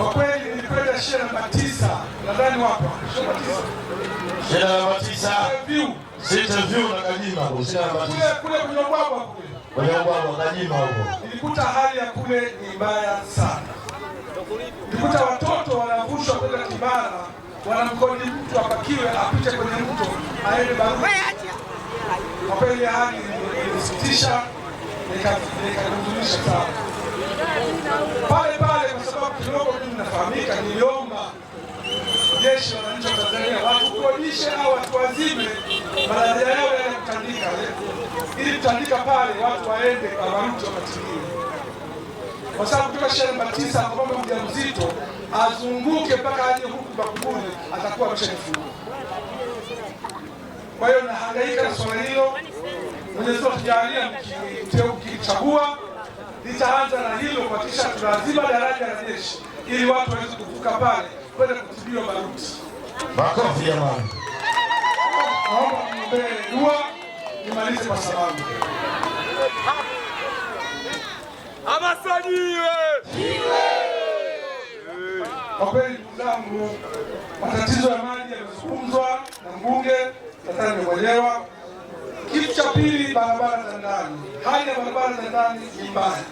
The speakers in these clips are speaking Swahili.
Kwa kweli nilikwenda shule namba tisa, nadhani wapo shule namba tisa kule kwenye ubwabwa kule nilikuta hali ya kule ni mbaya sana. Nilikuta watoto wanavushwa kwenda Kibara, wanamkodi mtu apakiwe apite kwenye mto aende Baruni. Kwa kweli hali ilinisikitisha, nikahuzunisha sana pale pale, kwa sababu kidogo nafahamika, niliomba jeshi wananchi wa Tanzania watukodishe au watu wazime madaraja yao ya kutandika, ili kutandika pale watu waende kwa mtu wakatiliwe, kwa sababu kutoka shehe na tisa kwa mama mjamzito azunguke mpaka aje huku Makuguni atakuwa ameshajifungua. Kwa hiyo nahangaika na swala hilo. Mwenyezi Mungu akijalia, mkichagua, litaanza na hilo kuhakikisha tunaziba daraja la jeshi ili watu waweze kuvuka pale kwenda kutibiwa maruti. Makofi jamani. Naomba mniombee dua nimalize kwa salamu. Amasanyiwe. Kwa kweli ndugu zangu, matatizo ya maji yamezungumzwa na mbunge, nadhani nimemwelewa. Kitu cha pili, barabara za ndani. Hali ya barabara za ndani ni mbaya,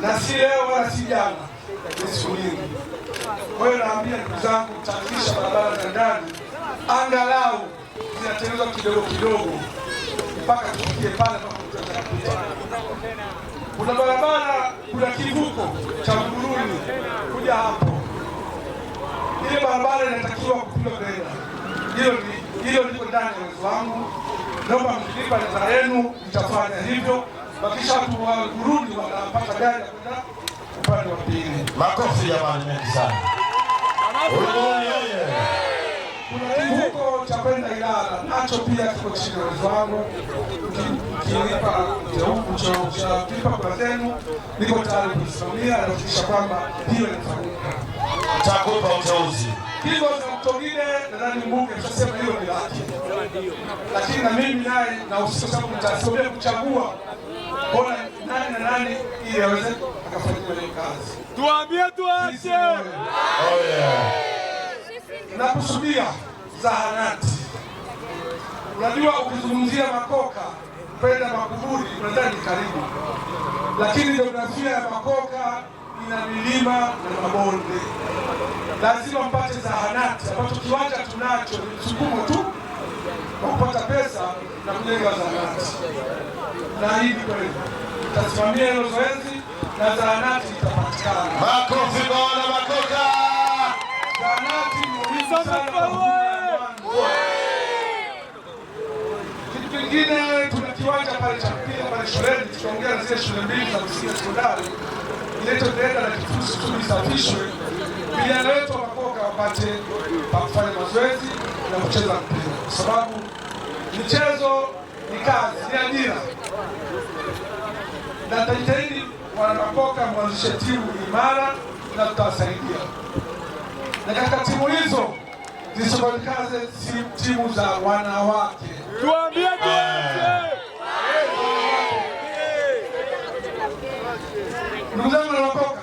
na si leo wala si jana siku Kwa hiyo naambia ndugu zangu, takilisha barabara za ndani angalau zinatengenezwa kidogo kidogo mpaka tufikie pale pakutatakupita. Kuna barabara, kuna kivuko cha Mguruni kuja hapo, ile barabara inatakiwa kupiga greda. Hiyo ni liko ndani ya uwezo wangu, naomba mkilipa eza yenu, nitafanya hivyo, wakisha watu wa gari ya kwenda upande wa pili. Makofi jamani, mengi sana. Kuna kivuko cha kwenda Ilala nacho pia kiko chini ya uwezo wangu, kilipa teuku chakipa zenu, niko tayari kuisimamia na kuhakikisha kwamba hiyo inafanyika. Takupa uteuzi kigo za mtogile, nadhani mbunge tutasema hiyo ni lake, lakini na mimi naye nahusika, sababu nitasomea kuchagua bona amani ili aweze akafanyiwa hiyo kazi. Tuambie tuache oh, nakusudia zahanati. Unajua, ukizungumzia Makoka kwenda Makuburi unadhani karibu, lakini jiografia ya Makoka ina milima na mabonde. Lazima mpate zahanati, ambacho kiwanja tunacho ni msukumo tu wa kupata pesa na kujenga zahanati, na hivi kweli itasimamia hilo zoezi na zahanati itapatikana. Makofi kwa wana Makoka. Zahanati muhimu sana. Kitu kingine tuna kiwanja pale cha mpira pale shuleni, tukiongea na zile shule mbili za msingi sekondari iletodeeda na kifusi tu isafishwe, vijana wetu wa Makoka wapate pa kufanya mazoezi na kucheza mpira, kwa sababu michezo ni kazi, ni ajira na tajitahidi wanamakoka mwanzishe timu imara na tutawasaidia. Na katika timu hizo zisikokaze timu za wanawake, tuambie ndugu zangu wanamakoka,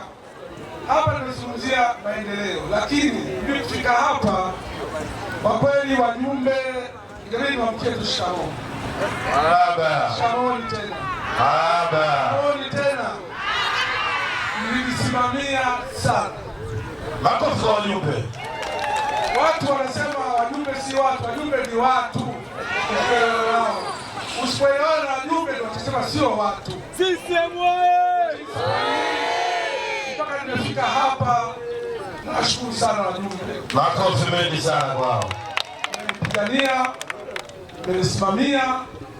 hapa tunazungumzia maendeleo, lakini ili kufika hapa kwa kweli, wajumbe inabidi wamkie tu shikamoo, shikamoo tena Karibuni tena, mlinisimamia sana. Makofi kwa wajumbe. Watu wanasema wajumbe si watu, wajumbe ni watu. Usipoelewana wajumbe ndio watasema sio watu. CCM oyee! Mpaka nimefika hapa, nashukuru sana wajumbe. Makofi mengi sana kwao. Mmenipigania, mmenisimamia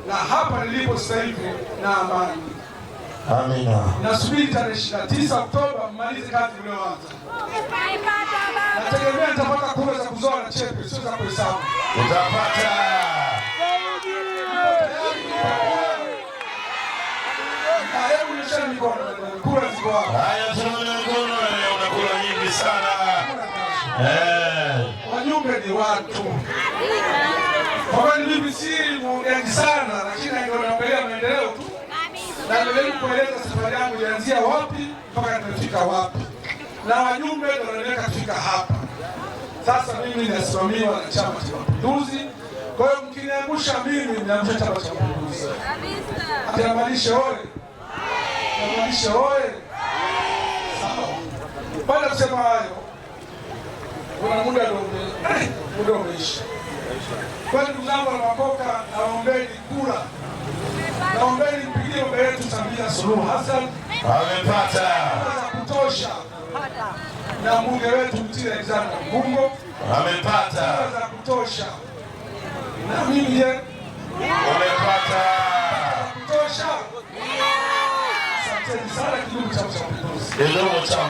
na hapa nilipo sasa hivi na amani. Amina. Nasubiri tarehe 29 Oktoba mmalize kazi mlioanza. Nategemea nitapata kura za kuzoa na chepe, sio za kuhesabu. Utapata. Kura ziko hapo. Haya, tunaona mkono leo eh, unakula nyingi sana. Eh. Wajumbe ni watu. Kwa kweli mimi si muongeaji sana, lakini ndio naongelea maendeleo tu na nimejaribu kueleza safari yangu ilianzia wapi mpaka nimefika wapi, na wajumbe wanaendelea kufika hapa sasa. Mimi nasimamiwa na Chama cha Mapinduzi, kwa hiyo mkiniangusha mimi mnaangusha Chama cha Mapinduzi. Atamalishe oye, atamalishe oye. Sawa, baada kusema hayo, kuna muda ndio muda umeisha. Kwa ndugu zangu wa Makoka, naomba Samia Suluhu Hassan amepata kutosha na mbunge wetu Mtile Alexander Mbungo amepata za kutosha na mimi amepata kutosha. Asanteni sana, kidumu Chama cha Mapinduzi.